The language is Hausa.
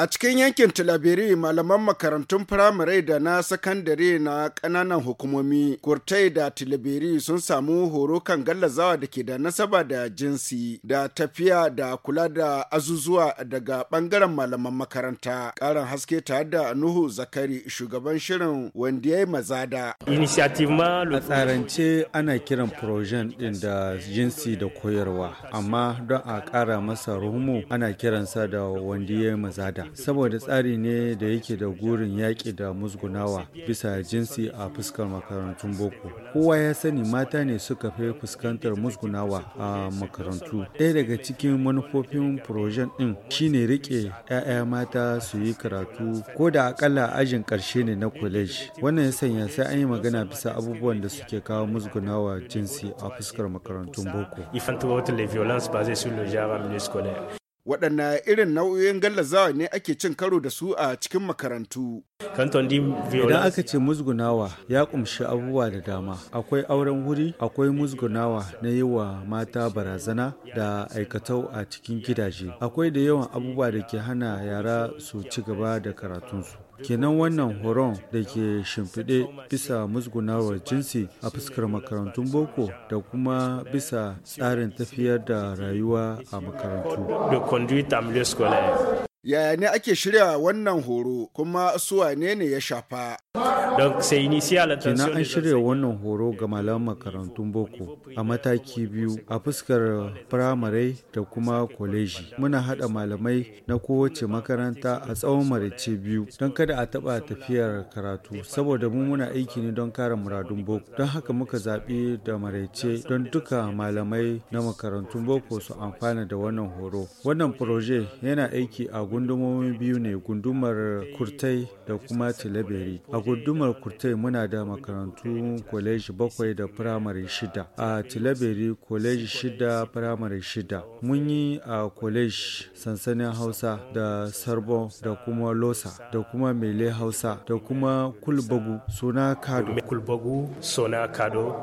A cikin yankin Tilaberi malaman makarantun firamare da na sakandare na ƙananan hukumomi, Kurtai da Tilaberi sun samu horo kan gallazawa da ke da nasaba da jinsi da tafiya da kula da azuzuwa daga ɓangaren malaman makaranta. Ƙarin haske tare da Nuhu Zakari shugaban shirin Wandiyai Mazada. A tsarance ana kiran projen ɗin da jinsi da koyarwa, amma don a ƙara masa ruhumu ana kiransa da Wandiyai Mazada. saboda tsari ne da yake da gurin yaƙi da musgunawa bisa jinsi a fuskar makarantun boko kowa ya sani mata ne suka fi fuskantar musgunawa a makarantu ɗaya daga cikin manufofin projen ɗin shine rike 'ya'ya mata su yi karatu ko da akalla ajin ƙarshe ne na kwaleji wannan ya sanya sai an yi magana bisa abubuwan da suke kawo musgunawa jinsi a fuskar makarantun boko waɗanne irin nau'o'in gallazawa ne ake cin karo da su a cikin makarantu Idan aka ce musgunawa ya kumshi abubuwa da dama, akwai auren wuri, akwai musgunawa na yi wa mata barazana da aikatau a cikin gidaje, akwai da yawan abubuwa da ke hana yara su ci gaba da karatunsu. kenan wannan horon da ke shimfiɗe bisa musgunawar jinsi a fuskar makarantun boko da kuma bisa tsarin tafiyar da rayuwa a makarantu. yaya ne ake shirya wannan horo kuma su wane ne ya shafa kenan an shirya wannan horo ga malaman makarantun boko a mataki biyu a fuskar firamare da kuma kwaleji muna hada malamai na kowace makaranta a tsawon marice biyu don kada a taba tafiyar karatu saboda mu muna aiki ne don kare muradun boko don haka muka zaɓi da maraice don duka malamai na makarantun boko su amfana da wannan horo wannan yana aiki a gundumomi biyu ne gundumar kurtai da kuma tilaberi a gundumar kurtai muna da makarantu kwaleji bakwai da firamare shida a tilaberi kwaleji shida firamare shida mun yi a kwaleji sansanin hausa da sarbo da kuma losa da kuma mele hausa da kuma kulbagu suna